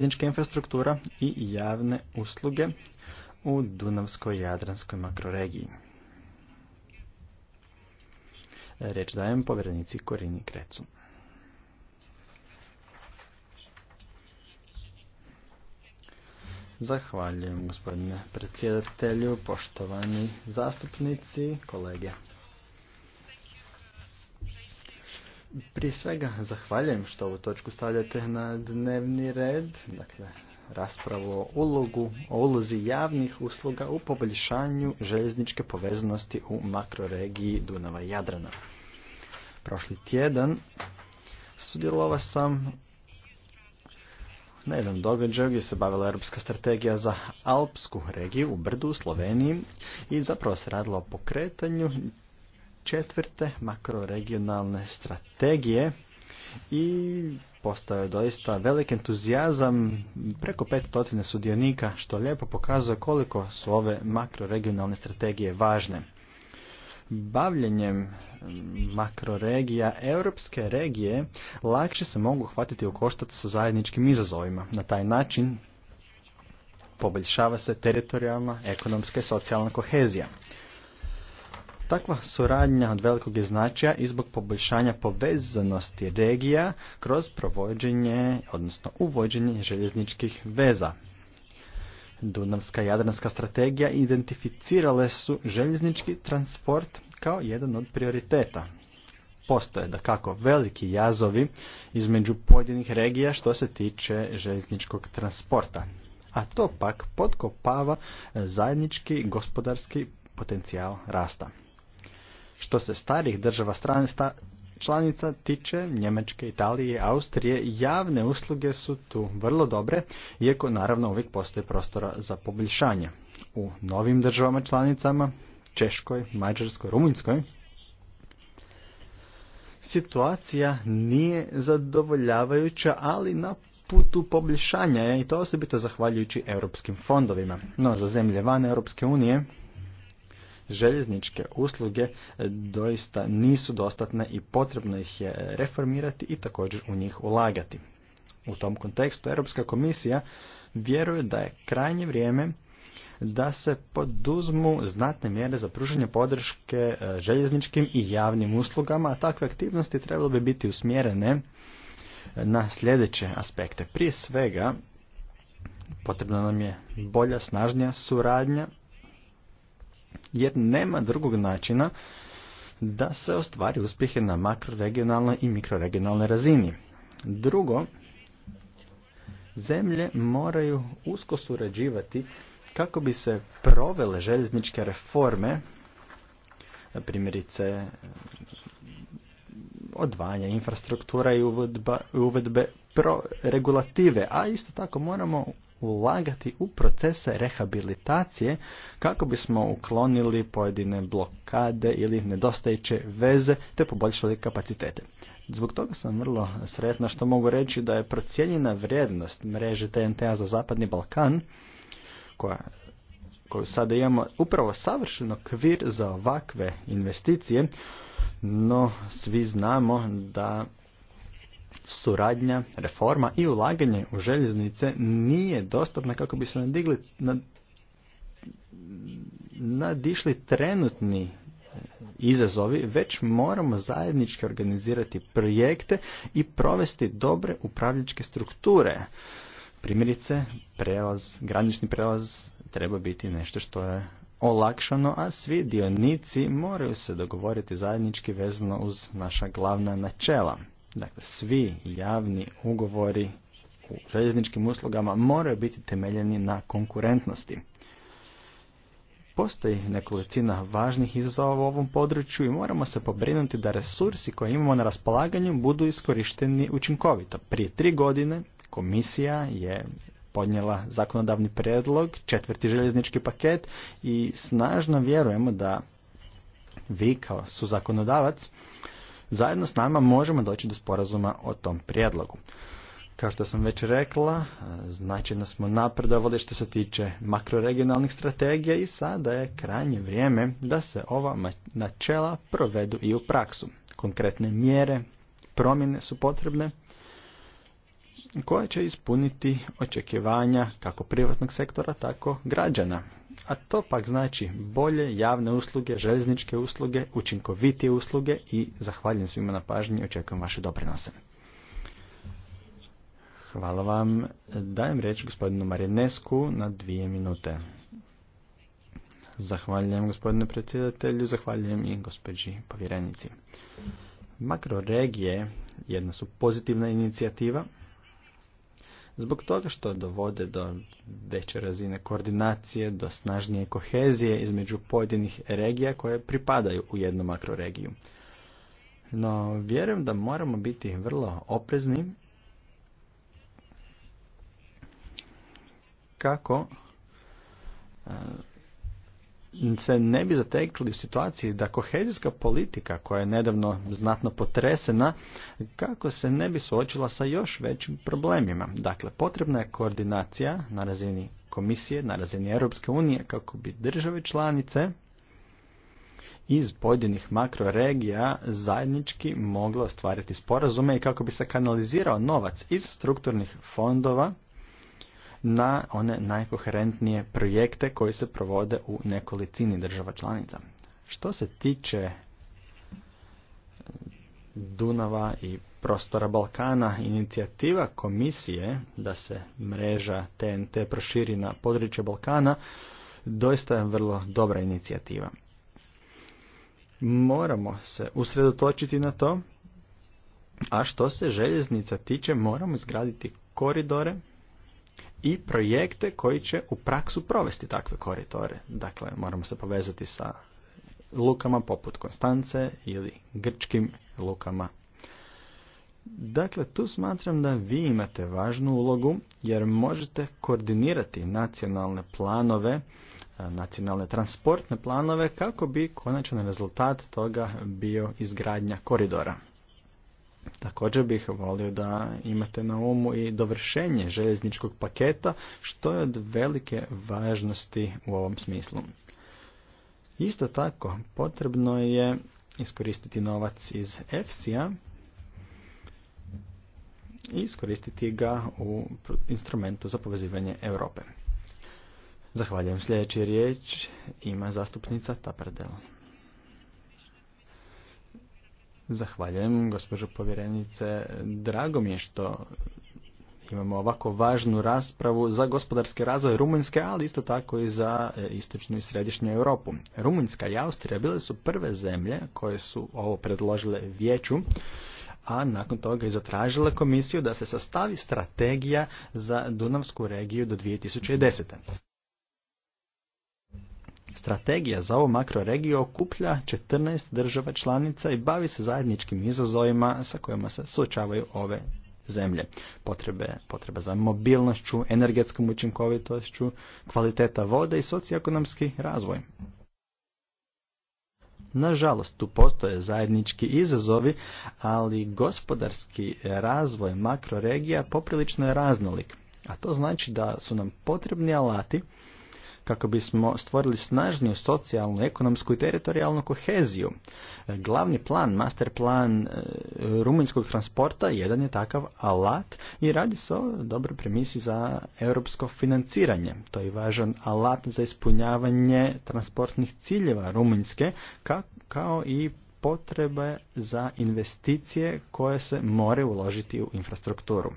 željeznička infrastruktura i javne usluge u Dunavskoj-Jadranskoj makroregiji. Reč dajem povjerenici Korini Krecu. Zahvaljujem gospodine predsjedatelju, poštovani zastupnici, kolege Prije svega zahvaljujem što ovu točku stavljate na dnevni red, dakle raspravu o ulogu, o ulozi javnih usluga u poboljšanju željezničke povezanosti u makroregiji Dunava i Jadrana. Prošli tjedan sudjelovao sam na jednom događaju gdje se bavila Europska strategija za Alpsku regiju u Brdu u Sloveniji i zapravo se radilo o pokretanju četvrte makroregionalne strategije i postao je doista velik entuzijazam preko 500 sudionika što lijepo pokazuje koliko su ove makroregionalne strategije važne. Bavljenjem makroregija, europske regije lakše se mogu hvatiti u koštac sa zajedničkim izazovima. Na taj način poboljšava se teritorijalna, ekonomska i socijalna kohezija. Takva suradnja od velikog je značaja i zbog poboljšanja povezanosti regija kroz provođenje, odnosno uvođenje željezničkih veza. Dunavska Jadranska strategija identificirale su željeznički transport kao jedan od prioriteta. Postoje da kako veliki jazovi između pojedinih regija što se tiče željezničkog transporta, a to pak potkopava zajednički gospodarski potencijal rasta. Što se starih država stranista, članica tiče Njemačke, Italije, Austrije, javne usluge su tu vrlo dobre, iako naravno uvijek postoji prostora za poboljšanje. U novim državama članicama, Češkoj, Mađarskoj, Rumunjskoj, situacija nije zadovoljavajuća, ali na putu poboljšanja je i to osobito zahvaljujući europskim fondovima. No, za zemlje van Europske unije željezničke usluge e, doista nisu dostatne i potrebno ih je reformirati i također u njih ulagati. U tom kontekstu Europska komisija vjeruje da je krajnje vrijeme da se poduzmu znatne mjere za pružanje podrške e, željezničkim i javnim uslugama, a takve aktivnosti trebalo bi biti usmjerene na sljedeće aspekte. Prije svega, potrebna nam je bolja, snažnija suradnja jer nema drugog načina da se ostvari uspjehe na makroregionalnoj i mikroregionalnoj razini. Drugo, zemlje moraju usko surađivati kako bi se provele željezničke reforme, primjerice odvanja infrastruktura i uvedbe pro regulative, a isto tako moramo ulagati u procese rehabilitacije kako bismo uklonili pojedine blokade ili nedostajeće veze te poboljšali kapacitete. Zbog toga sam vrlo sretna što mogu reći da je procijenjena vrijednost mreže tnt za Zapadni Balkan, koja, koju sada imamo upravo savršeno kvir za ovakve investicije, no svi znamo da suradnja, reforma i ulaganje u željeznice nije dostupna kako bi se nadigli, nad, nadišli trenutni e, izazovi, već moramo zajednički organizirati projekte i provesti dobre upravljačke strukture. Primjerice, prelaz, granični prelaz treba biti nešto što je olakšano, a svi dionici moraju se dogovoriti zajednički vezano uz naša glavna načela. Dakle, svi javni ugovori u željezničkim uslugama moraju biti temeljeni na konkurentnosti. Postoji nekolicina važnih izazova u ovom području i moramo se pobrinuti da resursi koje imamo na raspolaganju budu iskorišteni učinkovito. Prije tri godine komisija je podnijela zakonodavni predlog, četvrti željeznički paket i snažno vjerujemo da vi kao su zakonodavac zajedno s nama možemo doći do sporazuma o tom prijedlogu. Kao što sam već rekla, e, značajno smo napredovali što se tiče makroregionalnih strategija i sada je krajnje vrijeme da se ova načela provedu i u praksu. Konkretne mjere, promjene su potrebne koje će ispuniti očekivanja kako privatnog sektora, tako građana a to pak znači bolje javne usluge, željezničke usluge, učinkovitije usluge i zahvaljujem svima na pažnji i očekujem vaše doprinose. Hvala vam. Dajem riječ gospodinu Marinesku na dvije minute. Zahvaljujem gospodine predsjedatelju, zahvaljujem i gospođi povjerenici. Makroregije jedna su pozitivna inicijativa zbog toga što dovode do veće razine koordinacije, do snažnije kohezije između pojedinih regija koje pripadaju u jednu makroregiju. No, vjerujem da moramo biti vrlo oprezni kako e, se ne bi zatekli u situaciji da kohezijska politika koja je nedavno znatno potresena kako se ne bi suočila sa još većim problemima. Dakle, potrebna je koordinacija na razini komisije, na razini Europske unije kako bi države članice iz pojedinih makroregija zajednički mogle ostvariti sporazume i kako bi se kanalizirao novac iz strukturnih fondova na one najkoherentnije projekte koji se provode u nekolicini država članica. Što se tiče Dunava i prostora Balkana, inicijativa komisije da se mreža TNT proširi na područje Balkana doista je vrlo dobra inicijativa. Moramo se usredotočiti na to, a što se željeznica tiče moramo izgraditi koridore i projekte koji će u praksu provesti takve koritore. Dakle, moramo se povezati sa lukama poput Konstance ili grčkim lukama. Dakle, tu smatram da vi imate važnu ulogu jer možete koordinirati nacionalne planove, nacionalne transportne planove kako bi konačan rezultat toga bio izgradnja koridora. Također bih volio da imate na umu i dovršenje željezničkog paketa, što je od velike važnosti u ovom smislu. Isto tako, potrebno je iskoristiti novac iz EFSI-a i iskoristiti ga u instrumentu za povezivanje Europe. Zahvaljujem sljedeći riječ, ima zastupnica Tapardela. Zahvaljujem, gospođo povjerenice. Drago mi je što imamo ovako važnu raspravu za gospodarski razvoj Rumunjske, ali isto tako i za e, istočnu i središnju Europu. Rumunjska i Austrija bile su prve zemlje koje su ovo predložile vijeću, a nakon toga i zatražile komisiju da se sastavi strategija za Dunavsku regiju do 2010. Strategija za ovu makroregiju okuplja 14 država članica i bavi se zajedničkim izazovima sa kojima se suočavaju ove zemlje. Potrebe, potreba za mobilnošću, energetskom učinkovitošću, kvaliteta vode i socioekonomski razvoj. Nažalost, tu postoje zajednički izazovi, ali gospodarski razvoj makroregija poprilično je raznolik. A to znači da su nam potrebni alati kako bismo stvorili snažniju socijalnu, ekonomsku i teritorijalnu koheziju. E, glavni plan, master plan e, rumunjskog transporta, jedan je takav alat i radi se o dobroj premisi za europsko financiranje. To je važan alat za ispunjavanje transportnih ciljeva Rumunjske kao i potrebe za investicije koje se more uložiti u infrastrukturu.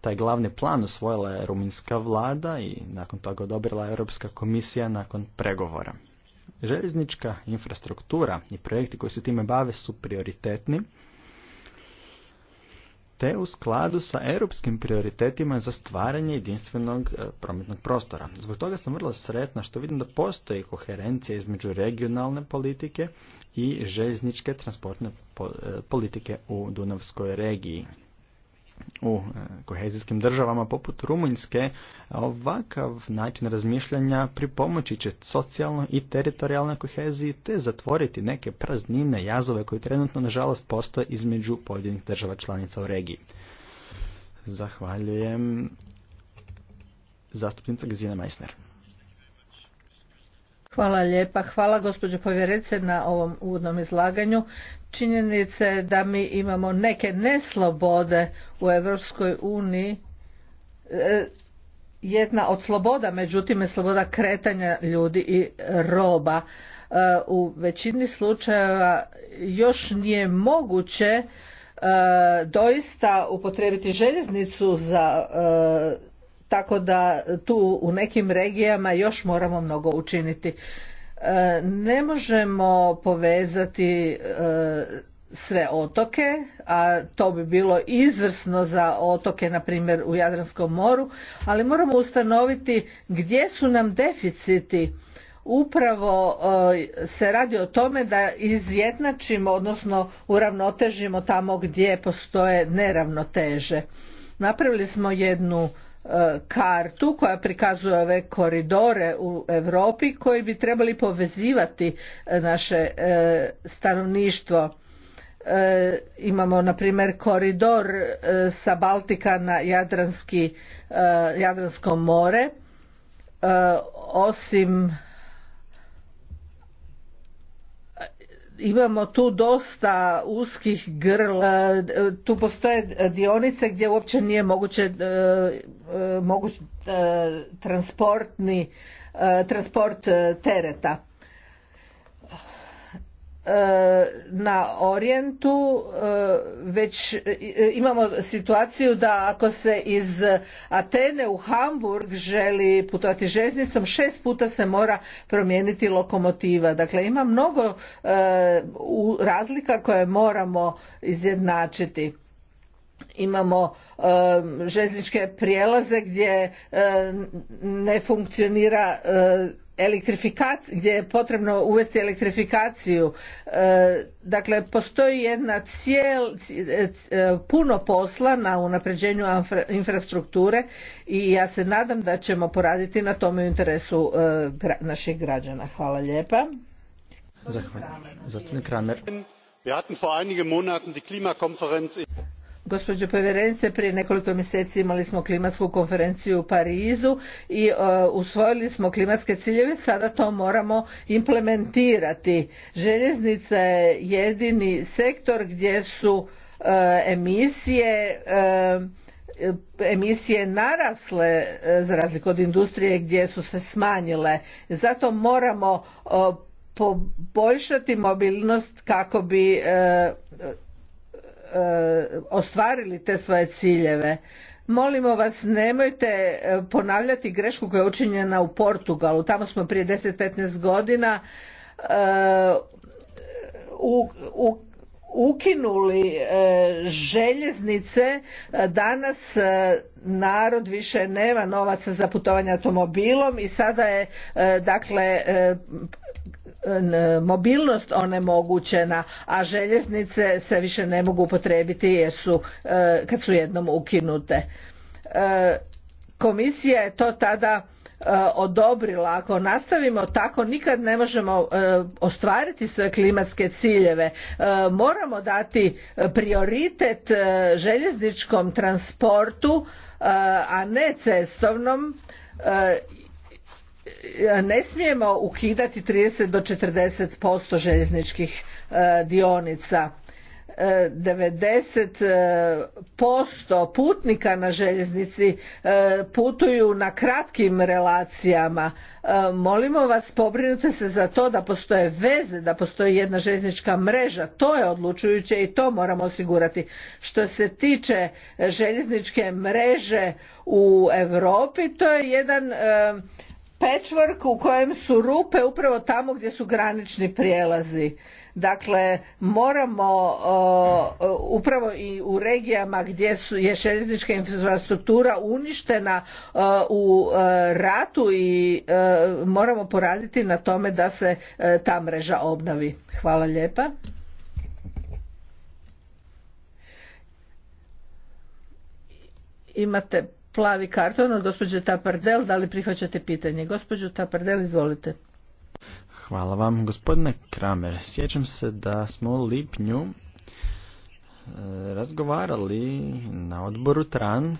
Taj glavni plan usvojila je ruminska vlada i nakon toga odobrila Europska komisija nakon pregovora. Željeznička infrastruktura i projekti koji se time bave su prioritetni te u skladu sa europskim prioritetima za stvaranje jedinstvenog e, prometnog prostora. Zbog toga sam vrlo sretna što vidim da postoji koherencija između regionalne politike i željezničke transportne e, politike u Dunavskoj regiji u e, kohezijskim državama poput Rumunjske, ovakav način razmišljanja pripomoći će socijalno i teritorijalnoj koheziji te zatvoriti neke praznine jazove koji trenutno nažalost postoje između pojedinih država članica u regiji. Zahvaljujem zastupnica Gazina Meissner. Hvala lijepa. Hvala gospođo povjerenice na ovom uvodnom izlaganju. Činjenica je da mi imamo neke neslobode u Europskoj uniji. E, jedna od sloboda, međutim, je sloboda kretanja ljudi i roba. E, u većini slučajeva još nije moguće e, doista upotrijebiti željeznicu za tako da tu u nekim regijama još moramo mnogo učiniti. E, ne možemo povezati e, sve otoke, a to bi bilo izvrsno za otoke, na primjer u Jadranskom moru, ali moramo ustanoviti gdje su nam deficiti. Upravo e, se radi o tome da izjednačimo, odnosno uravnotežimo tamo gdje postoje neravnoteže. Napravili smo jednu E, kartu koja prikazuje ove koridore u Europi koji bi trebali povezivati e, naše e, stanovništvo. Imamo na primjer koridor sa Baltika na Jadranski, Jadransko more. Osim imamo tu dosta uskih grla, e, tu postoje dionice gdje uopće nije moguće e, e, moguć transportni transport tereta. E, na orijentu e, već e, imamo situaciju da ako se iz Atene u Hamburg želi putovati željeznicom šest puta se mora promijeniti lokomotiva. Dakle ima mnogo razlika koje moramo izjednačiti imamo željezničke prijelaze gdje ne funkcionira elektrifikat, gdje je potrebno uvesti elektrifikaciju. E, dakle, postoji jedna cijel, e, e, puno posla na unapređenju infrastrukture i ja se nadam da ćemo poraditi na tome u interesu naših građana. Hvala lijepa. Zahvaljujem. Kramer. Gospođo povjerenice, prije nekoliko mjeseci imali smo klimatsku konferenciju u Parizu i e, usvojili smo klimatske ciljeve, sada to moramo implementirati. Željeznica je jedini sektor gdje su e, emisije e, emisije narasle za razliku od industrije gdje su se smanjile. Zato moramo poboljšati mobilnost kako bi E, ostvarili te svoje ciljeve. Molimo vas, nemojte e, ponavljati grešku koja je učinjena u Portugalu. Tamo smo prije 10-15 godina e, ukinuli željeznice danas narod više nema novaca za putovanje automobilom i sada je dakle mobilnost onemogućena, a željeznice se više ne mogu upotrebiti e, kad su jednom ukinute. E, komisija je to tada e, odobrila. Ako nastavimo tako nikad ne možemo ostvariti sve klimatske ciljeve. Moramo dati prioritet željezničkom transportu, a ne cestovnom ne smijemo ukidati 30 do 40% željezničkih e, dionica. 90% e, e, putnika na željeznici putuju na kratkim relacijama. Molimo vas pobrinute se za to da postoje veze, da postoji jedna željeznička mreža, to je odlučujuće i to moramo osigurati. Što se tiče željezničke mreže u Europi, to je jedan patchwork u kojem su rupe upravo tamo gdje su granični prijelazi. Dakle, moramo upravo i u regijama gdje su, je željeznička infrastruktura uništena u e, ratu i e, moramo poraditi na tome da se e, ta mreža obnavi. Hvala lijepa. Imate plavi karton od gospođe Tapardel. Da li prihvaćate pitanje? Gospođo Tapardel, izvolite. Hvala vam. Gospodine Kramer, sjećam se da smo u lipnju e, razgovarali na odboru TRAN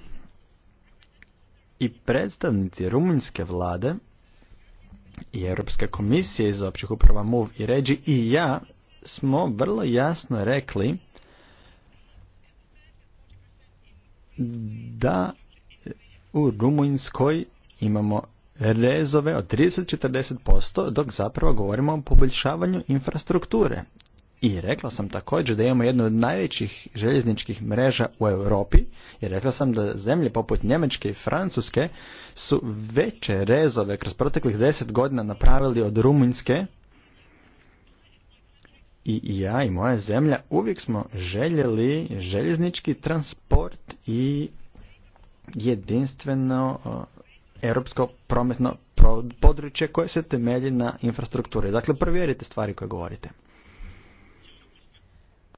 i predstavnici rumunjske vlade i Europske komisije iz općih uprava mov i Ređi i ja smo vrlo jasno rekli da u Rumunjskoj imamo rezove od 30-40%, dok zapravo govorimo o poboljšavanju infrastrukture. I rekla sam također da imamo jednu od najvećih željezničkih mreža u Europi i rekla sam da zemlje poput Njemačke i Francuske su veće rezove kroz proteklih deset godina napravili od Rumunjske i ja i moja zemlja uvijek smo željeli željeznički transport i jedinstveno europsko prometno područje koje se temelji na infrastrukturi. Dakle, provjerite stvari koje govorite.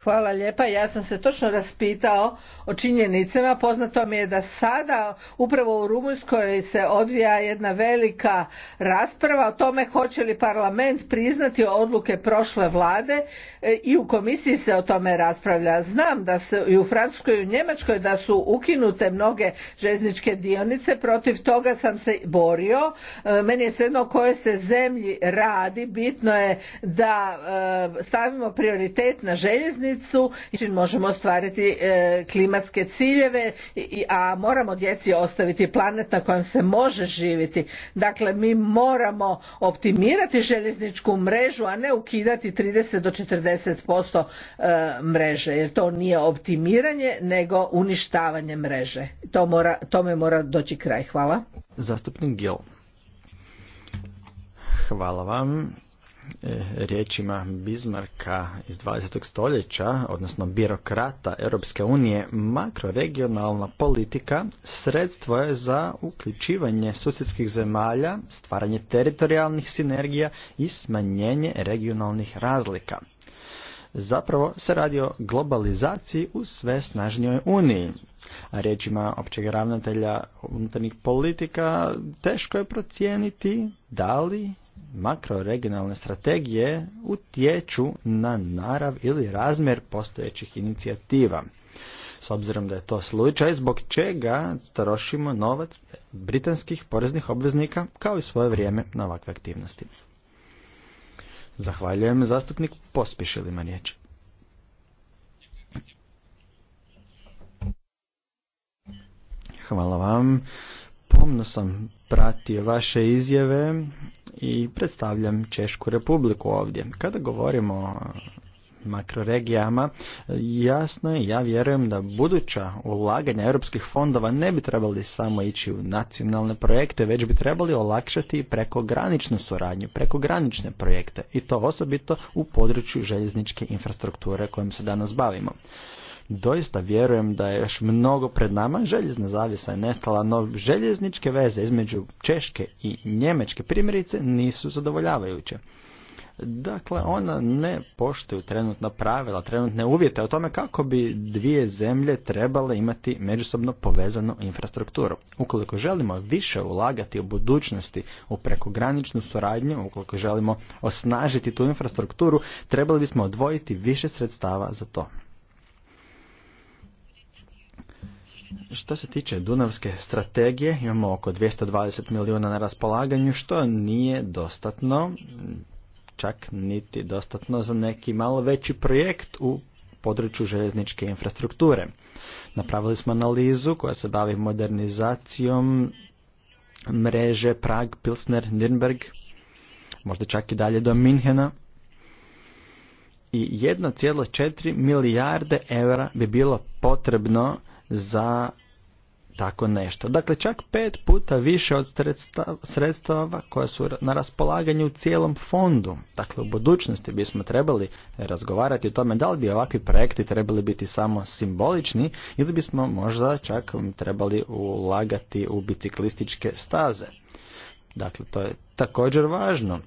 Hvala lijepa. Ja sam se točno raspitao o činjenicama. Poznato mi je da sada upravo u Rumunjskoj se odvija jedna velika rasprava o tome hoće li parlament priznati odluke prošle vlade e, i u komisiji se o tome raspravlja. Znam da se i u Francuskoj i u Njemačkoj da su ukinute mnoge željezničke dionice. Protiv toga sam se borio. E, meni je svejedno o kojoj se zemlji radi. Bitno je da e, stavimo prioritet na željezni zajednicu i možemo ostvariti e, klimatske ciljeve a moramo djeci ostaviti planet na kojem se može živjeti dakle mi moramo optimirati željezničku mrežu a ne ukidati 30 do 40% e, mreže jer to nije optimiranje nego uništavanje mreže to tome mora doći kraj hvala zastupnik Gil hvala vam Eh, riječima Bismarka iz 20. stoljeća, odnosno birokrata Europske unije, makroregionalna politika sredstvo je za uključivanje susjedskih zemalja, stvaranje teritorijalnih sinergija i smanjenje regionalnih razlika. Zapravo se radi o globalizaciji u sve snažnijoj uniji. A riječima općeg ravnatelja unutarnjih politika teško je procijeniti da li makroregionalne strategije utječu na narav ili razmjer postojećih inicijativa. S obzirom da je to slučaj, zbog čega trošimo novac britanskih poreznih obveznika kao i svoje vrijeme na ovakve aktivnosti. Zahvaljujem, zastupnik pospišil Hvala vam. Pomno sam pratio vaše izjave i predstavljam Češku republiku ovdje. Kada govorimo o makroregijama, jasno je, ja vjerujem da buduća ulaganja europskih fondova ne bi trebali samo ići u nacionalne projekte, već bi trebali olakšati prekograničnu suradnju, prekogranične projekte i to osobito u području željezničke infrastrukture kojim se danas bavimo doista vjerujem da je još mnogo pred nama. Željezna zavisa je nestala, no željezničke veze između Češke i Njemečke primjerice nisu zadovoljavajuće. Dakle, ona ne poštuju trenutna pravila, trenutne uvjete o tome kako bi dvije zemlje trebale imati međusobno povezanu infrastrukturu. Ukoliko želimo više ulagati u budućnosti u prekograničnu suradnju, ukoliko želimo osnažiti tu infrastrukturu, trebali bismo odvojiti više sredstava za to. Što se tiče Dunavske strategije, imamo oko 220 milijuna na raspolaganju, što nije dostatno, čak niti dostatno za neki malo veći projekt u području željezničke infrastrukture. Napravili smo analizu koja se bavi modernizacijom mreže Prag, Pilsner, Nürnberg, možda čak i dalje do Minhena i 1,4 milijarde eura bi bilo potrebno za tako nešto. Dakle, čak pet puta više od sredstava koja su na raspolaganju u cijelom fondu. Dakle, u budućnosti bismo trebali razgovarati o tome da li bi ovakvi projekti trebali biti samo simbolični ili bismo možda čak trebali ulagati u biciklističke staze. Dakle, to je također važno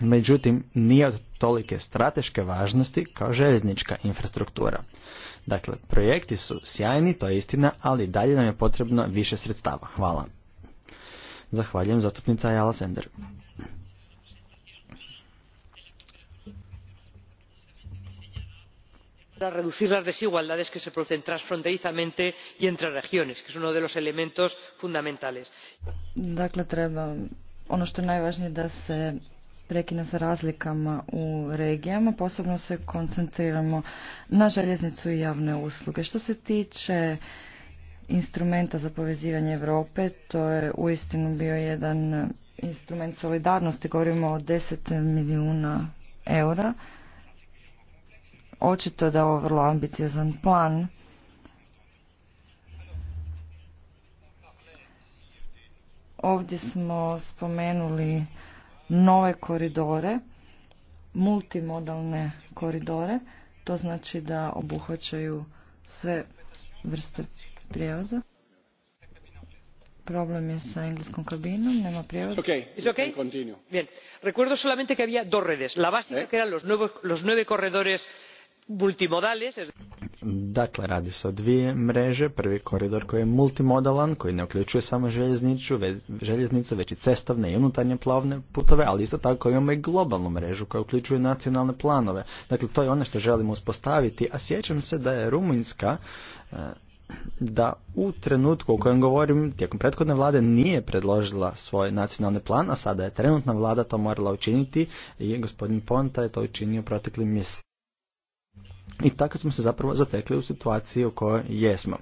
međutim nije od tolike strateške važnosti kao željeznička infrastruktura. Dakle, projekti su sjajni, to je istina, ali dalje nam je potrebno više sredstava. Hvala. Zahvaljujem zastupnica Jala Sender. para reducir las desigualdades se producen transfronterizamente y entre regiones que es uno elementos fundamentales. dakle treba ono što je najvažnije da se prekina sa razlikama u regijama. Posebno se koncentriramo na željeznicu i javne usluge. Što se tiče instrumenta za povezivanje Europe, to je uistinu bio jedan instrument solidarnosti, govorimo o 10 milijuna eura. Očito da je ovo vrlo ambiciozan plan. Ovdje smo spomenuli nove koridore, multimodalne koridore, to znači da obuhvaćaju sve vrste prijevoza. Problem je sa engleskom kabinom, nema prijevoza. Ok, is okay? Continue. Bien. Recuerdo solamente que había dos redes. La básica, eh? que eran los, nuevos, los nueve corredores multimodales. Dakle, radi se o dvije mreže. Prvi koridor koji je multimodalan, koji ne uključuje samo željeznicu, željeznicu već i cestovne i unutarnje plovne putove, ali isto tako imamo i globalnu mrežu koja uključuje nacionalne planove. Dakle, to je ono što želimo uspostaviti. A sjećam se da je Rumunjska eh, da u trenutku o kojem govorim tijekom prethodne vlade nije predložila svoj nacionalni plan, a sada je trenutna vlada to morala učiniti i gospodin Ponta je to učinio protekli mjesec. I tako smo se zapravo zatekli u situaciji u kojoj jesmo.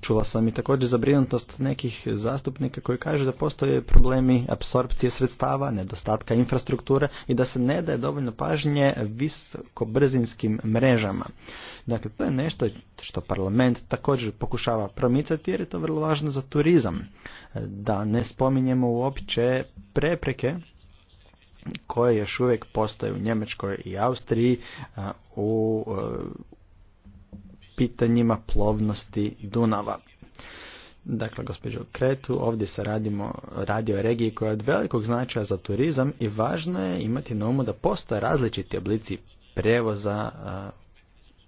Čula sam i također zabrinutost nekih zastupnika koji kažu da postoje problemi apsorpcije sredstava, nedostatka infrastrukture i da se ne daje dovoljno pažnje visokobrzinskim mrežama. Dakle, to je nešto što parlament također pokušava promicati jer je to vrlo važno za turizam. Da ne spominjemo uopće prepreke koje još uvijek postoje u Njemačkoj i Austriji u e, pitanjima plovnosti Dunava. Dakle, gospođo Kretu, ovdje se radimo, radi o regiji koja je od velikog značaja za turizam i važno je imati na umu da postoje različiti oblici prevoza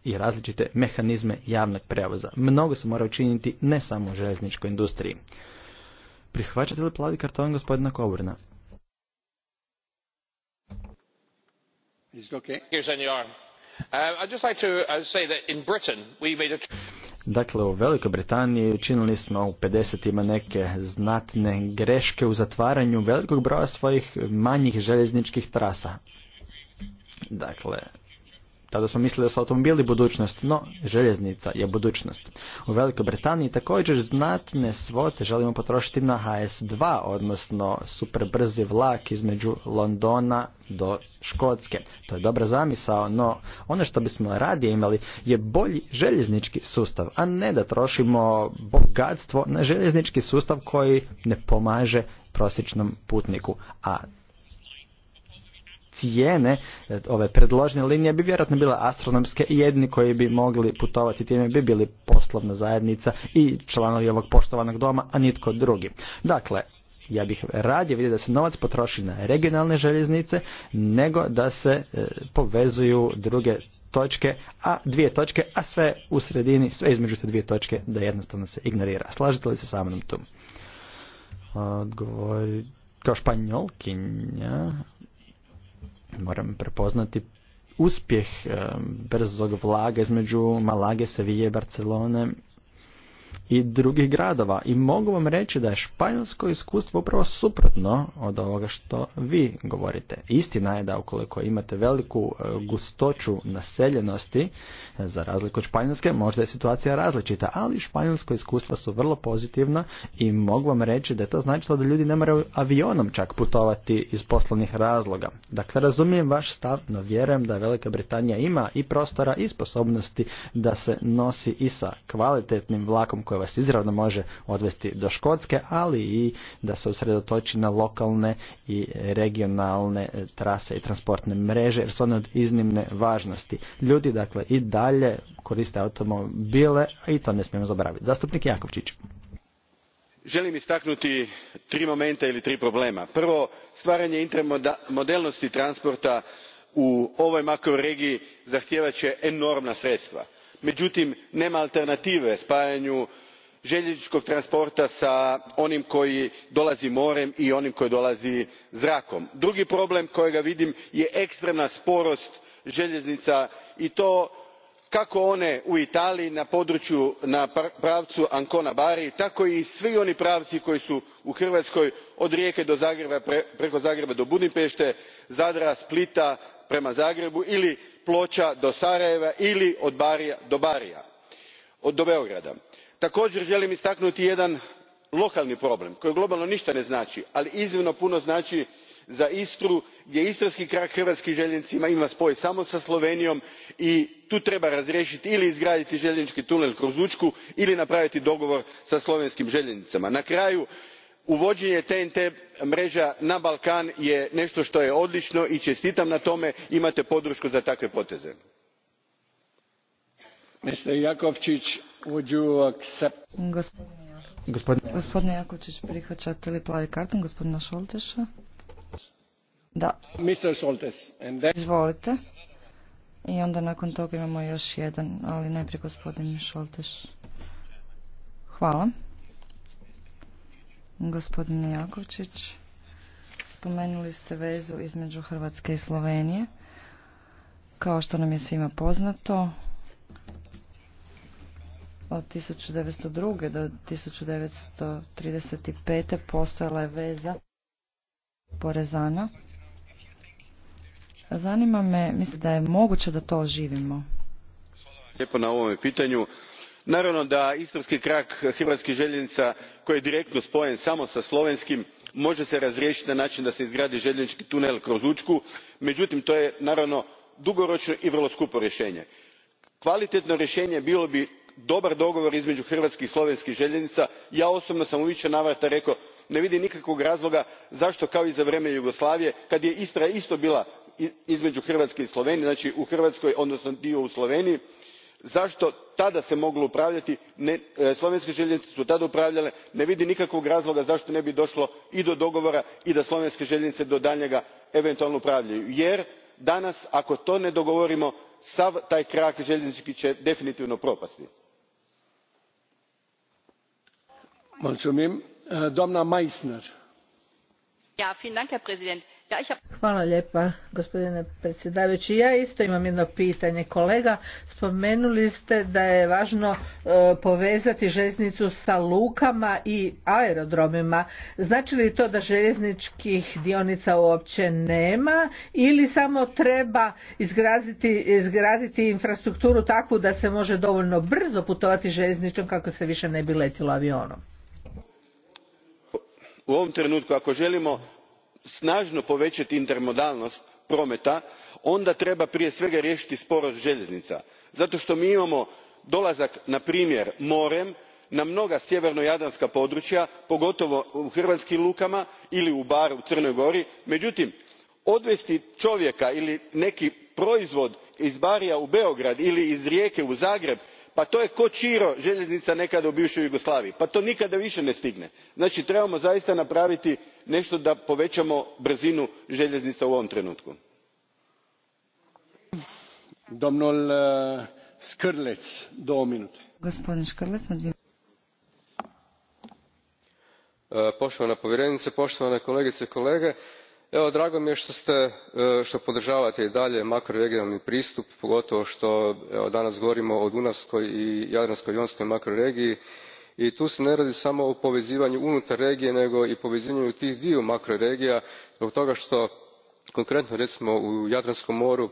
i različite mehanizme javnog prevoza. Mnogo se mora učiniti ne samo u željezničkoj industriji. Prihvaćate li plavi karton gospodina Koburna? Dakle, u Velikoj Britaniji učinili smo u 50 neke znatne greške u zatvaranju velikog broja svojih manjih željezničkih trasa. Dakle, tada smo mislili da su automobili budućnost, no željeznica je budućnost. U Velikoj Britaniji također znatne svote želimo potrošiti na HS2, odnosno superbrzi vlak između Londona do Škotske. To je dobra zamisao, no ono što bismo radije imali je bolji željeznički sustav, a ne da trošimo bogatstvo na željeznički sustav koji ne pomaže prosječnom putniku. A cijene e, ove predložene linije bi vjerojatno bile astronomske i jedni koji bi mogli putovati time bi bili poslovna zajednica i članovi ovog poštovanog doma, a nitko drugi. Dakle, ja bih radije vidio da se novac potroši na regionalne željeznice nego da se e, povezuju druge točke, a dvije točke, a sve u sredini, sve između te dvije točke da jednostavno se ignorira. Slažete li se sa mnom tu? Odgovor kao španjolkinja Moram prepoznati uspjeh eh, brzog vlaga između Malage, Sevije, Barcelone i drugih gradova. I mogu vam reći da je španjolsko iskustvo upravo suprotno od ovoga što vi govorite. Istina je da ukoliko imate veliku e, gustoću naseljenosti, e, za razliku od španjolske, možda je situacija različita, ali španjolsko iskustva su vrlo pozitivna i mogu vam reći da je to značilo da ljudi ne moraju avionom čak putovati iz poslovnih razloga. Dakle, razumijem vaš stav, no vjerujem da Velika Britanija ima i prostora i sposobnosti da se nosi i sa kvalitetnim vlakom koje vas izravno može odvesti do Škotske, ali i da se usredotoči na lokalne i regionalne e, trase i transportne mreže, jer su one od iznimne važnosti. Ljudi, dakle, i dalje koriste automobile, a i to ne smijemo zaboraviti. Zastupnik Jakovčić želim istaknuti tri momenta ili tri problema. prvo stvaranje intermodelnosti transporta u ovoj makroregiji zahtijevat će enormna sredstva međutim nema alternative spajanju željezničkog transporta s onim koji dolazi morem i onim koji dolazi zrakom. drugi problem kojega vidim je ekstremna sporost željeznica i to kako one u italiji na na pravcu ancona bari tako i svi oni pravci koji su u hrvatskoj od rijeke do zagreba preko zagreba do budimpešte zadra splita prema zagrebu ili ploča do sarajeva ili od barija do beograda također želim istaknuti jedan lokalni problem koji globalno ništa ne znači ali iznimno puno znači za istru gdje istarski krak hrvatskih eljeznica ima spoj samo sa slovenijom i tu treba razriješiti ili izgraditi željeznički tunel kroz učku ili napraviti dogovor sa slovenskim željeznicama. na kraju uvođenje TNT mreža na balkan je nešto što je odlično i čestitam na tome imate podršku za takve poteze. Gospodine, jakovčić prihvaćate li plavi karton gospodina Šolteša? Da. Izvolite. I onda nakon toga imamo još jedan, ali najprije gospodin Šolteš. Hvala. Gospodine Jakovčić, spomenuli ste vezu između Hrvatske i Slovenije. Kao što nam je svima poznato, od 1902. do 1935. postojala je veza Porezana. Zanima me, mislim da je moguće da to oživimo. Lijepo na ovome pitanju. Naravno da istarski krak hrvatskih željeznica koji je direktno spojen samo sa slovenskim može se razriješiti na način da se izgradi željeznički tunel kroz Učku, međutim to je naravno dugoročno i vrlo skupo rješenje. Kvalitetno rješenje bilo bi dobar dogovor između hrvatskih i slovenskih željeznica ja osobno sam u više navrata rekao ne vidim nikakvog razloga zašto kao i za vrijeme jugoslavije kad je istra isto bila između hrvatske i slovenije znači u hrvatskoj odnosno dio u sloveniji zašto tada se moglo upravljati e, slovenske željeznice su tada upravljale ne vidim nikakvog razloga zašto ne bi došlo i do dogovora i da slovenske željeznice do daljnjega eventualno upravljaju jer danas ako to ne dogovorimo sav taj krak željeznički će definitivno propasti. Eh, Hvala lijepa gospodine predsjedavajući. Ja isto imam jedno pitanje. Kolega, spomenuli ste da je važno eh, povezati željeznicu sa lukama i aerodromima. Znači li to da željezničkih dionica uopće nema ili samo treba izgraditi, infrastrukturu takvu da se može dovoljno brzo putovati željezničom kako se više ne bi letjelo avionom? u ovom trenutku ako želimo snažno povećati intermodalnost prometa onda treba prije svega riješiti sporost željeznica zato što mi imamo dolazak na primjer morem na mnoga sjevernojadranska područja pogotovo u hrvatskim lukama ili u baru u crnoj gori međutim odvesti čovjeka ili neki proizvod iz barija u beograd ili iz rijeke u zagreb pa to je ko čiro željeznica nekada u bivšoj jugoslaviji pa to nikada više ne stigne. znači trebamo zaista napraviti nešto da povećamo brzinu željeznica u ovom trenutku. Eh, eh, poštovana povjerenice poštovane kolegice i kolege Evo, drago mi je e, što podržavate i dalje makroregionalni pristup pogotovo što danas govorimo o dunavskoj i jadransko jonskoj makroregiji i tu se ne radi samo o povezivanju unutar regije nego i povezivanju tih dviju makroregija zbog toga što konkretno recimo u jadranskom moru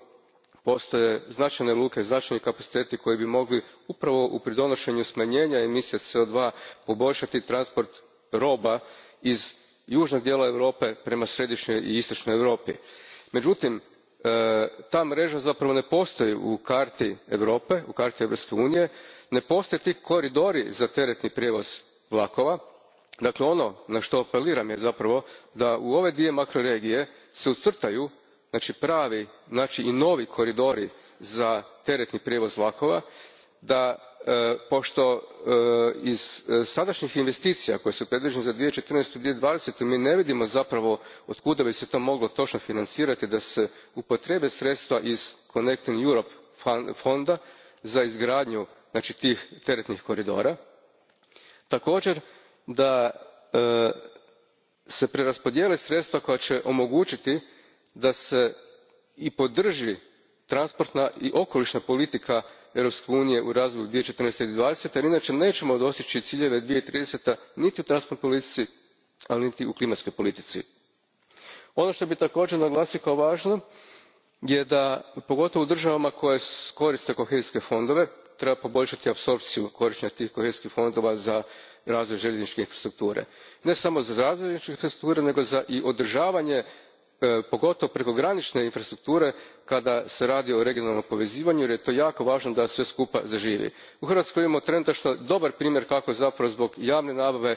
postoje značajne luke značajni kapaciteti koji bi mogli upravo u pridonošenju smanjenja emisija co two poboljšati transport roba iz južnog dijela europe prema središnjoj i istočnoj europi. međutim e, ta mreža zapravo ne postoji u karti europe u karti europske unije ne postoje ti koridori za teretni prijevoz vlakova. dakle ono na što apeliram je zapravo da u ove dvije makroregije se ucrtaju znači pravi znači i novi koridori za teretni prijevoz vlakova da E, pošto e, iz e, sadašnjih investicija koje su predviđene za. two thousand and fourteen twenty mi ne vidimo zapravo od kuda bi se to moglo točno financirati da se upotrijebe sredstva iz connecting europe fonda za izgradnju znači, tih teretnih koridora. također da se preraspodijele sredstva koja će omogućiti da se i podrži transportna i okolišna politika europske unije u razdoblju. two thousand and fourteen. two thousand and twenty jer inae neemo ciljeve. two thousand and niti u transportnoj politici ali niti u klimatskoj politici. ono to bih također naglasio kao vano je da pogotovo u dravama koje koriste kohezijske fondove treba poboljati apsorpciju koritenja tih kohezijskih fondova za razvoj željezničke infrastrukture ne samo za razvoj infrastrukture infrastrukture, nego i za E, pogotovo prekogranične infrastrukture kada se radi o regionalnom povezivanju jer je to jako važno da sve skupa zaživi. u hrvatskoj imamo trenutačno dobar primjer kako zapravo zbog javne nabave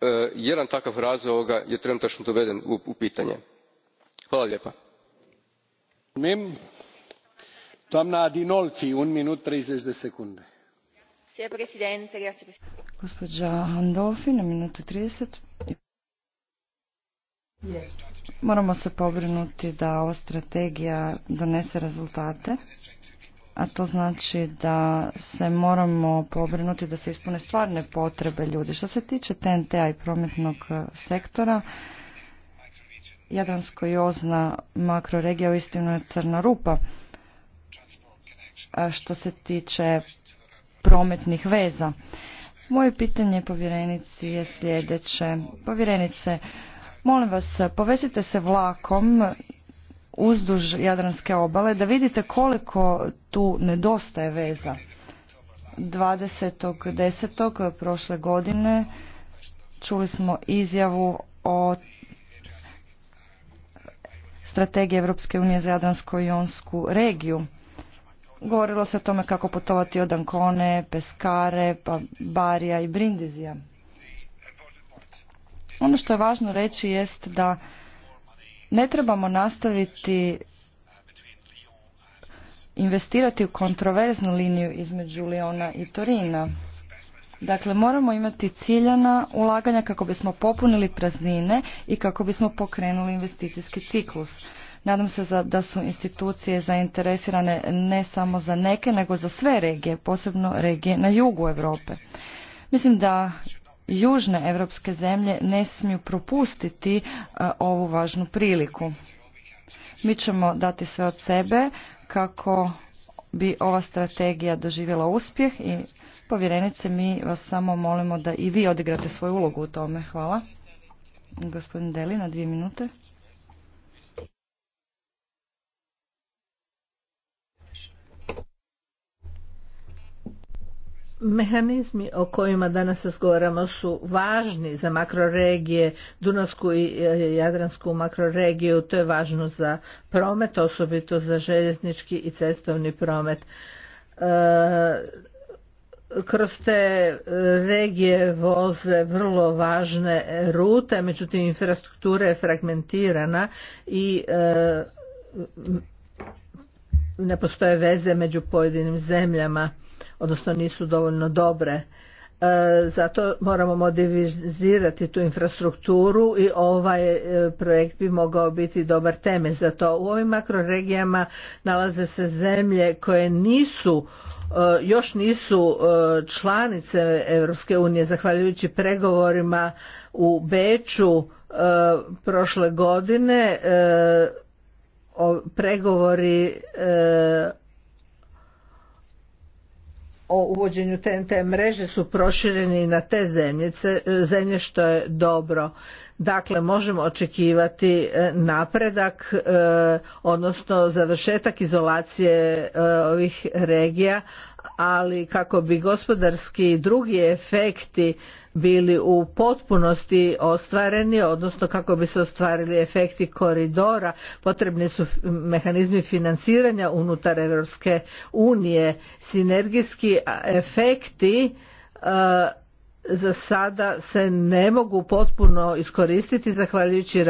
e, jedan takav razvoj je trenutačno doveden u pitanje. hvala lijepa. gospođa na Moramo se pobrinuti da ova strategija donese rezultate, a to znači da se moramo pobrinuti da se ispune stvarne potrebe ljudi. Što se tiče TNT-a i prometnog sektora, Jadransko i Ozna makroregija uistinu je crna rupa. A što se tiče prometnih veza. Moje pitanje povjerenici je sljedeće. Povjerenice, Molim vas, povezite se vlakom uzduž Jadranske obale da vidite koliko tu nedostaje veza. 20.10. prošle godine čuli smo izjavu o strategiji Europske unije za Jadransko-Jonsku regiju. Govorilo se o tome kako putovati od Ankone, Peskare, pa Barija i Brindizija. Ono što je važno reći jest da ne trebamo nastaviti investirati u kontroverznu liniju između Liona i Torina. Dakle, moramo imati ciljana ulaganja kako bismo popunili praznine i kako bismo pokrenuli investicijski ciklus. Nadam se da su institucije zainteresirane ne samo za neke, nego za sve regije, posebno regije na jugu Europe. Mislim da južne europske zemlje ne smiju propustiti e, ovu važnu priliku. Mi ćemo dati sve od sebe kako bi ova strategija doživjela uspjeh i povjerenice mi vas samo molimo da i vi odigrate svoju ulogu u tome. Hvala. Gospodin Deli na dvije minute. Mehanizmi o kojima danas razgovaramo su važni za makroregije, Dunavsku i e, Jadransku makroregiju, to je važno za promet, osobito za željeznički i cestovni promet. E, kroz te e, regije voze vrlo važne rute, međutim infrastruktura je fragmentirana i ne postoje veze među pojedinim zemljama odnosno nisu dovoljno dobre. E, zato moramo modernizirati tu infrastrukturu i ovaj e, projekt bi mogao biti dobar teme za to. U ovim makroregijama nalaze se zemlje koje nisu e, još nisu članice Europske unije zahvaljujući pregovorima u Beču prošle godine pregovori o uvođenju TNT mreže su prošireni na te zemlje, e, zemlje što je dobro. Dakle, možemo očekivati e, napredak, e, odnosno završetak izolacije ovih regija, ali kako bi gospodarski i drugi efekti bili u potpunosti ostvareni, odnosno kako bi se ostvarili efekti koridora, potrebni su mehanizmi financiranja unutar Europske unije. Sinergijski efekti e, za sada se ne mogu potpuno iskoristiti zahvaljujući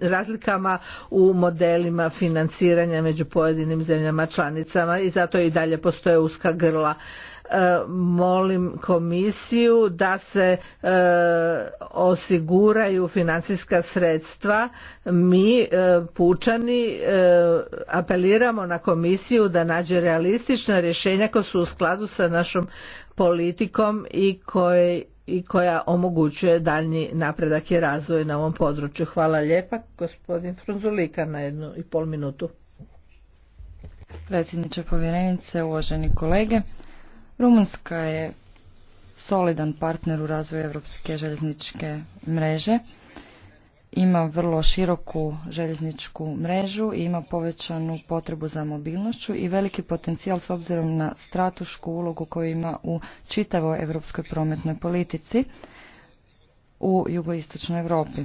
razlikama u modelima financiranja među pojedinim zemljama članicama i zato i dalje postoje uska grla e, molim komisiju da se e, osiguraju financijska sredstva mi e, pučani apeliramo na komisiju da nađe realistična rješenja koja su u skladu sa našom politikom i, i koja omogućuje daljnji napredak i razvoj na ovom području. Hvala lijepa. Gospodin Frunzulika na jednu i pol minutu. Predsjedniče povjerenice, uvaženi kolege, Rumunska je solidan partner u razvoju europske željezničke mreže ima vrlo široku željezničku mrežu i ima povećanu potrebu za mobilnošću i veliki potencijal s obzirom na stratušku ulogu koju ima u čitavoj europskoj prometnoj politici u jugoistočnoj Europi.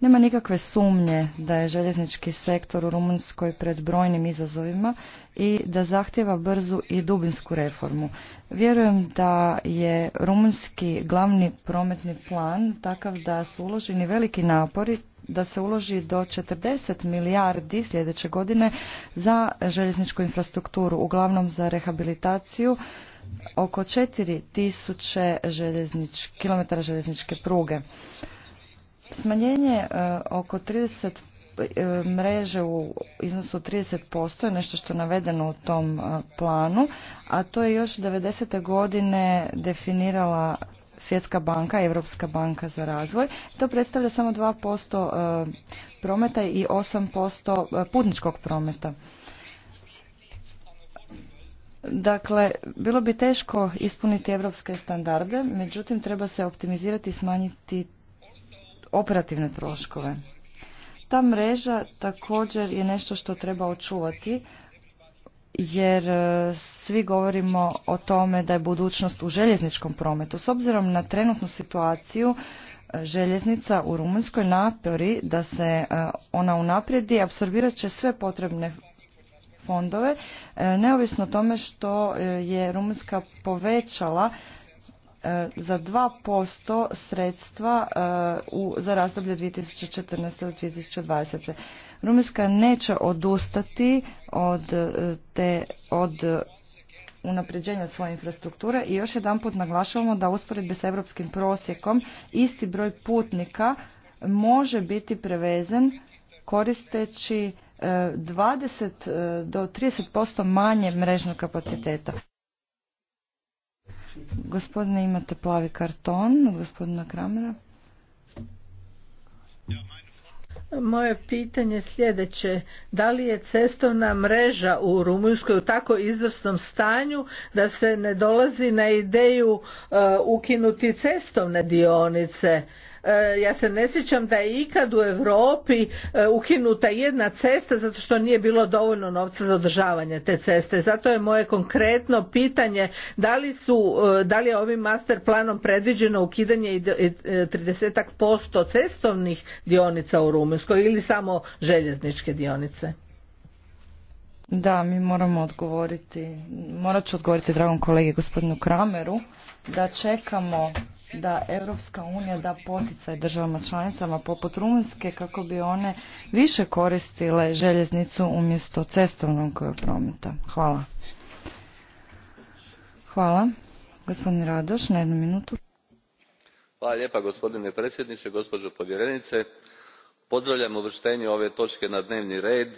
Nema nikakve sumnje da je željeznički sektor u Rumunjskoj pred brojnim izazovima i da zahtjeva brzu i dubinsku reformu. Vjerujem da je rumunjski glavni prometni plan takav da su uloženi veliki napori da se uloži do 40 milijardi sljedeće godine za željezničku infrastrukturu, uglavnom za rehabilitaciju oko 4000 km kilometara željezničke pruge. Smanjenje e, oko 30 e, mreže u iznosu 30% je nešto što je navedeno u tom e, planu, a to je još 90. godine definirala Svjetska banka, Europska banka za razvoj. To predstavlja samo 2% prometa i 8% putničkog prometa. Dakle, bilo bi teško ispuniti evropske standarde, međutim treba se optimizirati i smanjiti operativne troškove. Ta mreža također je nešto što treba očuvati jer e, svi govorimo o tome da je budućnost u željezničkom prometu. S obzirom na trenutnu situaciju e, željeznica u Rumunjskoj napori da se e, ona unaprijedi apsorbirat će sve potrebne fondove, neovisno o tome što je Rumunjska povećala E, za 2% sredstva e, u, za razdoblje 2014. do 2020. Rumunjska neće odustati od e, te od unapređenja svoje infrastrukture i još jedanput naglašavamo da usporedbi s europskim prosjekom isti broj putnika može biti prevezen koristeći 20 do 30% manje mrežnog kapaciteta. Gospodine, imate plavi karton gospodina Kramera. Moje pitanje sljedeće. Da li je cestovna mreža u Rumunjskoj u tako izvrsnom stanju da se ne dolazi na ideju e, ukinuti cestovne dionice? E, ja se ne sjećam da je ikad u Europi e, ukinuta jedna cesta zato što nije bilo dovoljno novca za održavanje te ceste. Zato je moje konkretno pitanje da li, su, e, da li je ovim master planom predviđeno ukidanje 30% cestovnih dionica u Rumunjskoj ili samo željezničke dionice? Da, mi moramo odgovoriti, morat ću odgovoriti dragom kolegi gospodinu Krameru, da čekamo da Europska unija da poticaj državama članicama poput Rumunjske kako bi one više koristile željeznicu umjesto cestovnog prometa. Hvala. Hvala. Gospodin Radoš, na jednu minutu. Hvala lijepa gospodine predsjedniče, gospođo povjerenice. Pozdravljam uvrštenje ove točke na dnevni red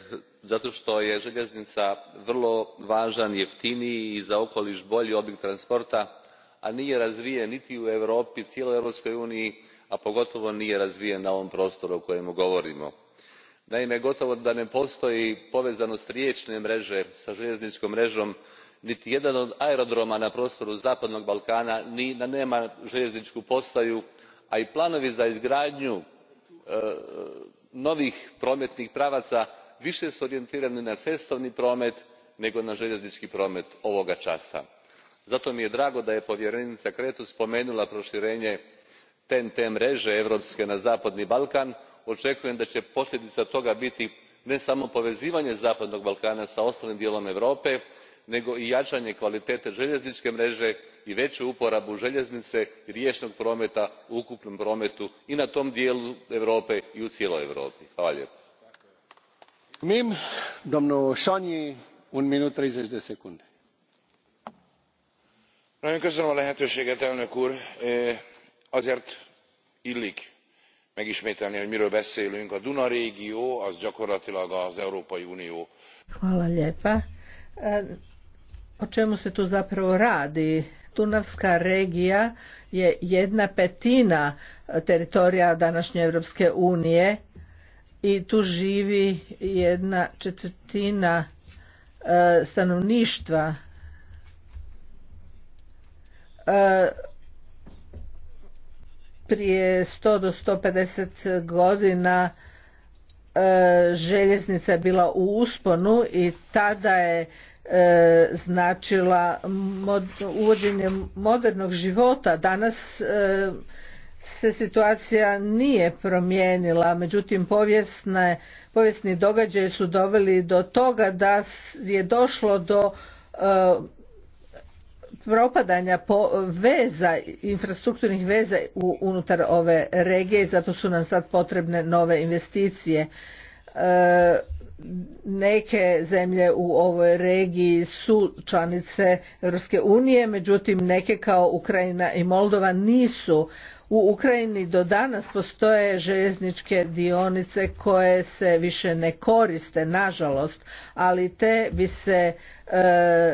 zato što je željeznica vrlo važan jeftiniji i za okoliš bolji oblik transporta a nije razvijen niti u europi cijeloj europskoj uniji a pogotovo nije razvijen na ovom prostoru o kojemu govorimo. naime gotovo da ne postoji povezanost riječne mreže sa željezničkom mrežom niti jedan od aerodroma na prostoru zapadnog balkana nema željezničku postaju a i planovi za izgradnju e, novih prometnih pravaca više su orijentirani na cestovni promet nego na željeznički promet ovoga časa. zato mi je drago da je povjerenica Kretu spomenula proširenje ten t mreže europske na zapadni balkan. očekujem da će posljedica toga biti ne samo povezivanje zapadnog balkana s ostalim dijelom europe nego i jačanje kvalitete željezničke mreže i veću uporabu željeznice i riječnog prometa u ukupnom prometu i na tom dijelu europe i u cijeloj europi nagyon köszönöm a lehetőséget elnök úr! azért illik megismételni hogy miről beszélünk a duna régió az gyakorlatilag az európai unió. E, o čemu se tu zapravo radi? dunavska regija je jedna petina teritorija današnje europske unije i tu živi jedna četvrtina e, stanovništva e, prije 100 do 150 godina e, željeznica je bila u usponu i tada je značila uvođenje modernog života danas se situacija nije promijenila, međutim povijesne, povijesni događaji su doveli do toga da je došlo do e, propadanja veza, infrastrukturnih veza u, unutar ove regije i zato su nam sad potrebne nove investicije. E, neke zemlje u ovoj regiji su članice Europske unije, međutim neke kao Ukrajina i Moldova nisu u Ukrajini do danas postoje željezničke dionice koje se više ne koriste nažalost, ali te bi se e,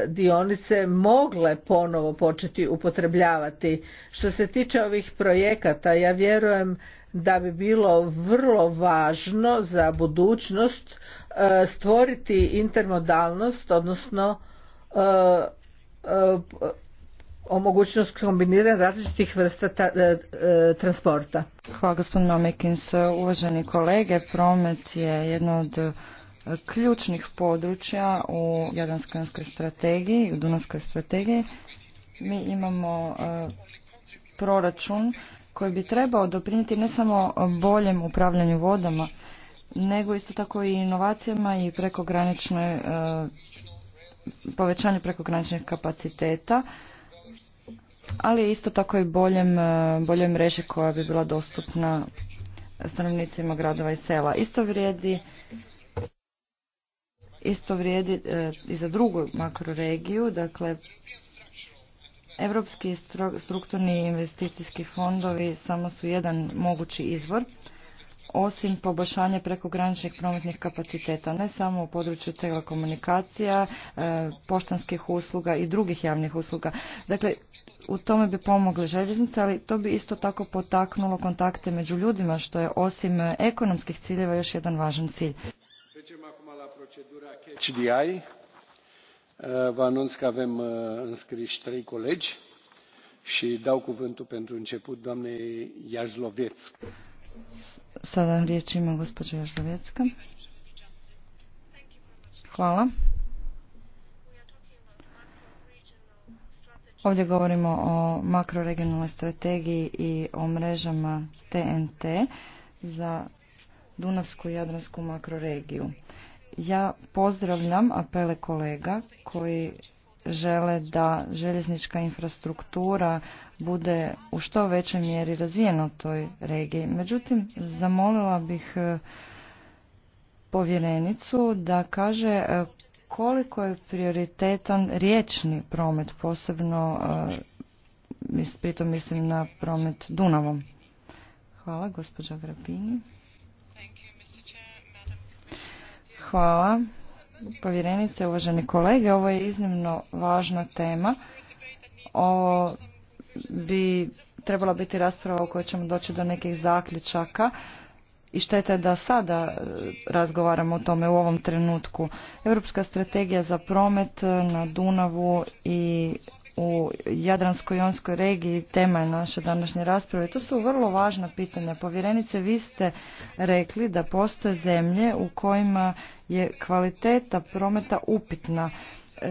dionice mogle ponovo početi upotrebljavati. Što se tiče ovih projekata, ja vjerujem da bi bilo vrlo važno za budućnost e, stvoriti intermodalnost odnosno e, o mogućnost kombiniranja različitih vrsta e, e, transporta. Hvala gospodinu Mekins. Uvaženi kolege, promet je jedno od e, ključnih područja u Jadranskoj strategiji, u Dunavskoj strategiji. Mi imamo proračun koji bi trebao doprinijeti ne samo boljem upravljanju vodama, nego isto tako i inovacijama i prekograničnoj povećanju prekograničnih kapaciteta ali isto tako i boljem, e, boljem mreži koja bi bila dostupna stanovnicima gradova i sela. Isto vrijedi isto vrijedi e, i za drugu makroregiju, dakle Europski strukturni investicijski fondovi samo su jedan mogući izvor osim poboljšanja prekograničnih prometnih kapaciteta, ne samo u području telekomunikacija, e, poštanskih usluga i drugih javnih usluga. Dakle, u tome bi pomogli željeznice, ali to bi isto tako potaknulo kontakte među ljudima, što je osim ekonomskih ciljeva još jedan važan cilj. E, vă anunț că avem e, înscriși trei colegi și dau cuvântul pentru început doamnei Sada riječ ima gospođa Joždovecka. Hvala. Ovdje govorimo o makroregionalnoj strategiji i o mrežama TNT za Dunavsku i Jadransku makroregiju. Ja pozdravljam apele kolega koji žele da željeznička infrastruktura bude u što većoj mjeri razvijena u toj regiji. Međutim, zamolila bih e, povjerenicu da kaže e, koliko je prioritetan riječni promet, posebno e, pritom mislim na promet Dunavom. Hvala, gospođa Grapini. Hvala povjerenice, uvaženi kolege. Ovo je iznimno važna tema. Ovo bi trebala biti rasprava u kojoj ćemo doći do nekih zaključaka i šteta je da sada e, razgovaramo o tome u ovom trenutku. Europska strategija za promet e, na Dunavu i u Jadransko-Jonskoj regiji tema je naše današnje rasprave. To su vrlo važna pitanja. Povjerenice, vi ste rekli da postoje zemlje u kojima je kvaliteta prometa upitna.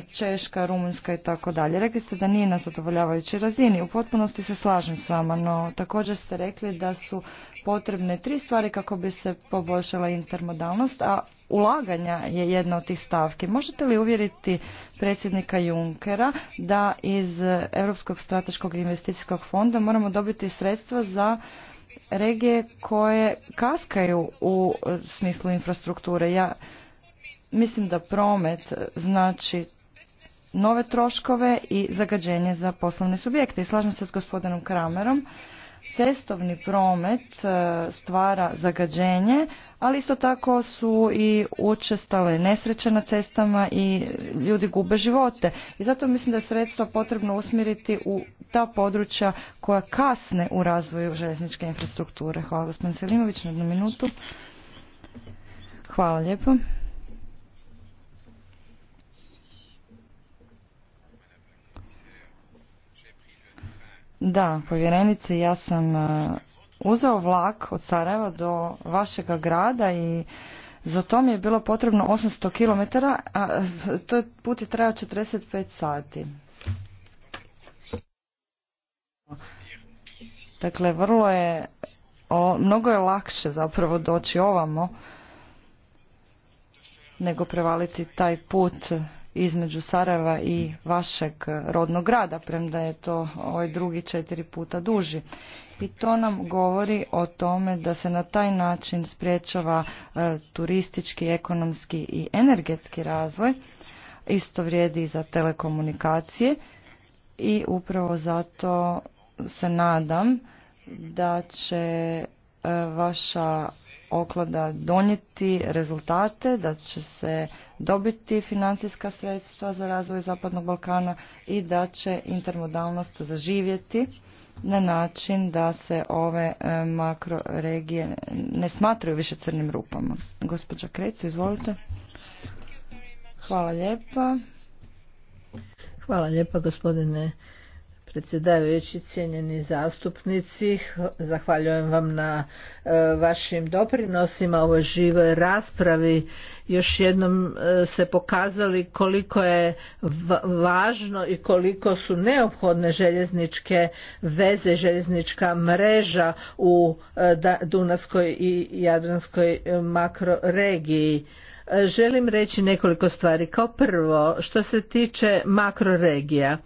Češka, Rumunjska i tako dalje. Rekli ste da nije na zadovoljavajućoj razini. U potpunosti se slažem s vama, no također ste rekli da su potrebne tri stvari kako bi se poboljšala intermodalnost, a ulaganja je jedna od tih stavki. Možete li uvjeriti predsjednika Junkera da iz Europskog strateškog investicijskog fonda moramo dobiti sredstva za regije koje kaskaju u smislu infrastrukture? Ja mislim da promet znači nove troškove i zagađenje za poslovne subjekte. I slažem se s gospodinom Kramerom cestovni promet e, stvara zagađenje, ali isto tako su i učestale nesreće na cestama i ljudi gube živote. I zato mislim da je sredstva potrebno usmjeriti u ta područja koja kasne u razvoju željezničke infrastrukture. Hvala gospodin Selimović na jednu minutu. Hvala lijepo. Da, povjerenice, ja sam e, uzeo vlak od Sarajeva do vašeg grada i za to mi je bilo potrebno 800 km, a to je put je trajao 45 sati. Dakle, vrlo je, mnogo je lakše zapravo doći ovamo nego prevaliti taj put između Sarajeva i vašeg rodnog grada, premda je to ovaj drugi četiri puta duži. I to nam govori o tome da se na taj način spriječava e, turistički, ekonomski i energetski razvoj. Isto vrijedi i za telekomunikacije i upravo zato se nadam da će vaša oklada donijeti rezultate, da će se dobiti financijska sredstva za razvoj Zapadnog Balkana i da će intermodalnost zaživjeti na način da se ove e, makroregije ne smatraju više crnim rupama. Gospođa Krecu, izvolite. Hvala lijepa. Hvala lijepa gospodine predsjedavajući, cijenjeni zastupnici. Zahvaljujem vam na e, vašim doprinosima ovoj živoj raspravi. Još jednom e, se pokazali koliko je važno i koliko su neophodne željezničke veze, željeznička mreža u e, Dunavskoj i Jadranskoj makroregiji. Želim reći nekoliko stvari. Kao prvo, što se tiče makroregija,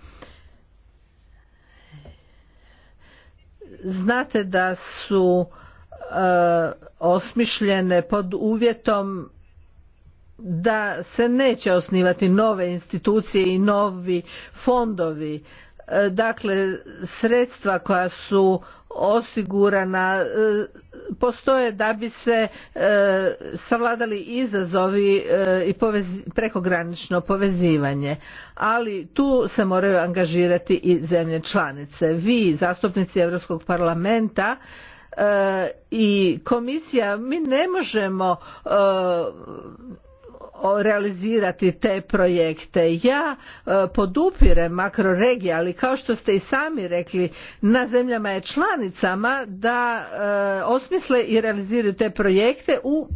znate da su e, osmišljene pod uvjetom da se neće osnivati nove institucije i novi fondovi e, dakle sredstva koja su osigurana e, postoje da bi se e, savladali izazovi e, i prekogranično povezivanje ali tu se moraju angažirati i zemlje članice vi zastupnici europskog parlamenta i komisija mi ne možemo realizirati te projekte. Ja e, podupirem makroregije, ali kao što ste i sami rekli, na zemljama je članicama da e, osmisle i realiziraju te projekte u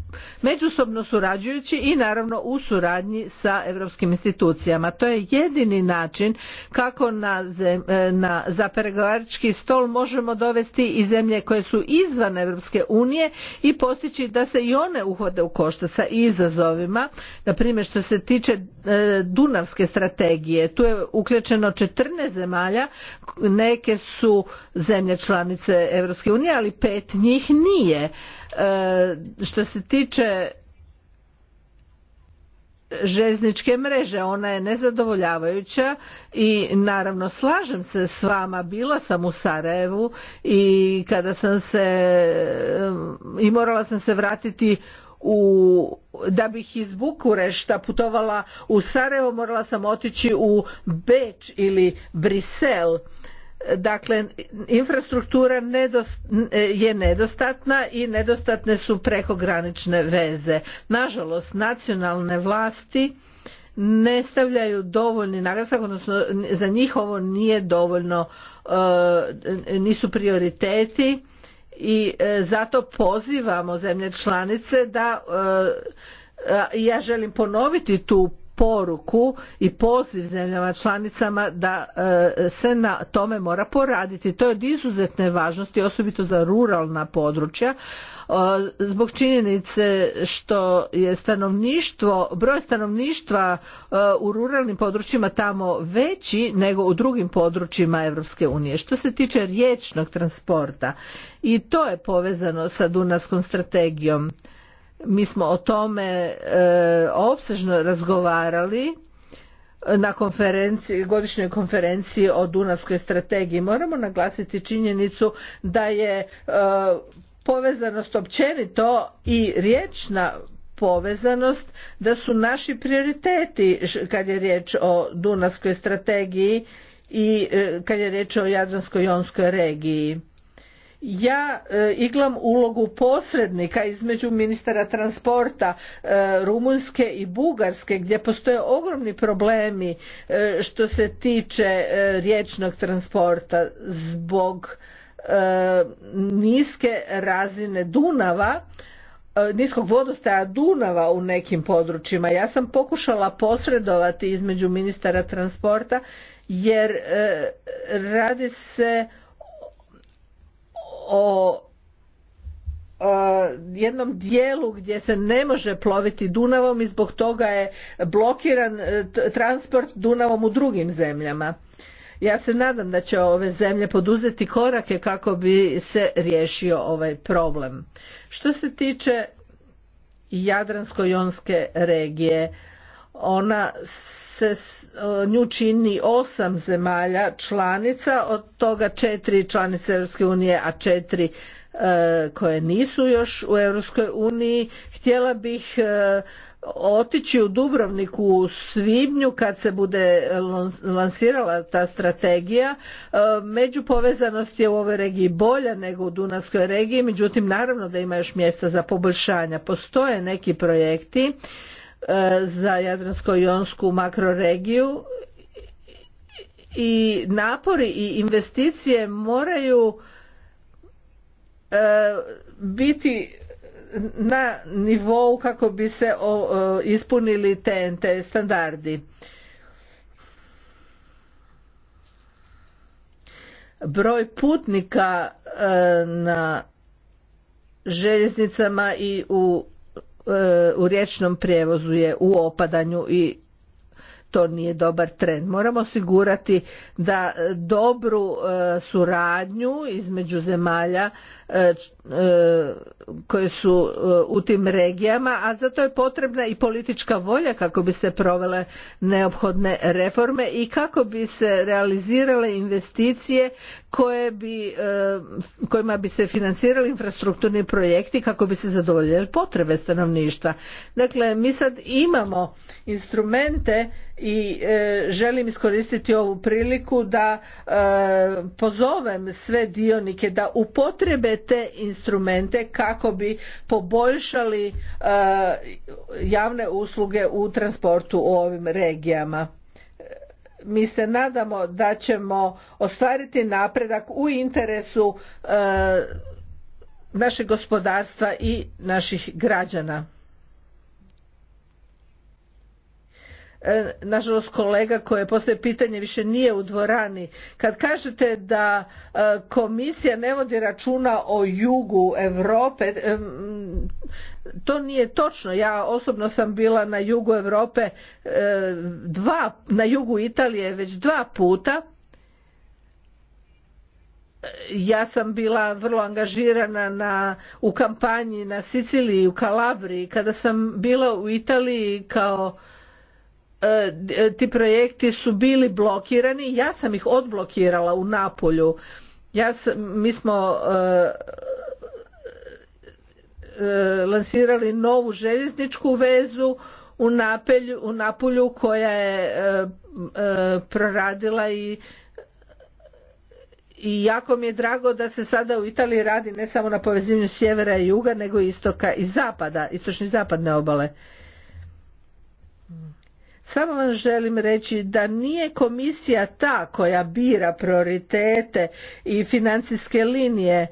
međusobno surađujući i naravno u suradnji sa europskim institucijama. To je jedini način kako na, e, za pregovarački stol možemo dovesti i zemlje koje su izvan Europske unije i postići da se i one uhode u košta sa izazovima na primjer što se tiče e, Dunavske strategije, tu je uključeno 14 zemalja, neke su zemlje članice Europske unije, ali pet njih nije. E, što se tiče željezničke mreže ona je nezadovoljavajuća i naravno slažem se s vama bila sam u sarajevu i kada sam se e, i morala sam se vratiti u, da bih iz Bukurešta putovala u Sarajevo morala sam otići u Beč ili Brisel dakle infrastruktura je nedostatna i nedostatne su prekogranične veze nažalost nacionalne vlasti ne stavljaju dovoljni naglasak odnosno za njih ovo nije dovoljno e, nisu prioriteti i e, zato pozivamo zemlje članice da e, e, ja želim ponoviti tu poruku i poziv zemljama članicama da e, se na tome mora poraditi. To je od izuzetne važnosti, osobito za ruralna područja, e, zbog činjenice što je stanovništvo, broj stanovništva e, u ruralnim područjima tamo veći nego u drugim područjima Europske unije. Što se tiče riječnog transporta i to je povezano sa Dunavskom strategijom. Mi smo o tome e, opsežno razgovarali na konferenciji, godišnjoj konferenciji o Dunavskoj strategiji. Moramo naglasiti činjenicu da je e, povezanost općenito i riječna povezanost da su naši prioriteti kad je riječ o Dunavskoj strategiji i e, kad je riječ o Jadransko-Jonskoj regiji ja e, iglam ulogu posrednika između ministara transporta e, Rumunjske i Bugarske gdje postoje ogromni problemi e, što se tiče riječnog transporta zbog niske razine Dunava niskog vodostaja Dunava u nekim područjima. Ja sam pokušala posredovati između ministara transporta jer radi se o jednom dijelu gdje se ne može ploviti Dunavom i zbog toga je blokiran e, transport Dunavom u drugim zemljama. Ja se nadam da će ove zemlje poduzeti korake kako bi se riješio ovaj problem. Što se tiče Jadransko-jonske regije, ona se E, nju čini osam zemalja članica, od toga četiri članice Europske unije, a četiri e, koje nisu još u Europskoj uniji. Htjela bih e, otići u Dubrovniku u svibnju kad se bude lansirala ta strategija. Međupovezanost je u ovoj regiji bolja nego u Dunavskoj regiji, međutim naravno da ima još mjesta za poboljšanja. Postoje neki projekti E, za Jadransko-Jonsku makroregiju i napori i investicije moraju e, biti na nivou kako bi se e, ispunili TNT standardi. Broj putnika na željeznicama i u E, u riječnom prijevozu je u opadanju i to nije dobar trend. Moramo osigurati da dobru e, suradnju između zemalja e, koje su u tim regijama, a za to je potrebna i politička volja kako bi se provele neophodne reforme i kako bi se realizirale investicije koje bi, e, kojima bi se financirali infrastrukturni projekti kako bi se zadovoljile potrebe stanovništva. Dakle, mi sad imamo instrumente i e, želim iskoristiti ovu priliku da e, pozovem sve dionike da upotrebe te instrumente kako bi poboljšali javne usluge u transportu u ovim regijama mi se nadamo da ćemo ostvariti napredak u interesu e, našeg gospodarstva i naših građana. E, nažalost kolega koji je postavio pitanje više nije u dvorani. Kad kažete da e, komisija ne vodi računa o jugu Europe, e, to nije točno. Ja osobno sam bila na jugu Europe dva, na jugu Italije već dva puta ja sam bila vrlo angažirana u kampanji na Siciliji, u Kalabriji. Kada sam bila u Italiji kao E, ti projekti su bili blokirani ja sam ih odblokirala u Napolju ja sam, mi smo e, e, lansirali novu željezničku vezu u, Napelju, u Napolju koja je proradila i i jako mi je drago da se sada u Italiji radi ne samo na povezivanju sjevera i juga nego i istoka i zapada, istočne zapadne obale. Samo vam želim reći da nije komisija ta koja bira prioritete i financijske linije.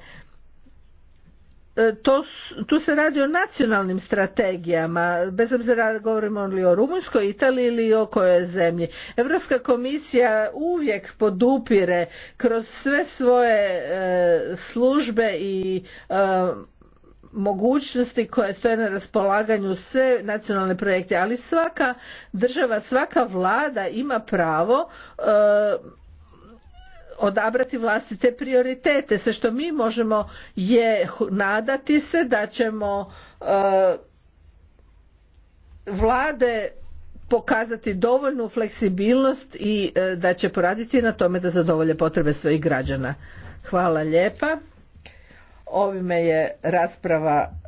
E, to, tu se radi o nacionalnim strategijama, bez obzira govorimo li o Rumunjskoj, Italiji ili o kojoj zemlji. Europska komisija uvijek podupire kroz sve svoje e, službe i e, mogućnosti koje stoje na raspolaganju sve nacionalne projekte, ali svaka država, svaka vlada ima pravo e, odabrati vlastite prioritete. Sve što mi možemo je nadati se da ćemo e, vlade pokazati dovoljnu fleksibilnost i e, da će poraditi na tome da zadovolje potrebe svojih građana. Hvala lijepa. Ovime je rasprava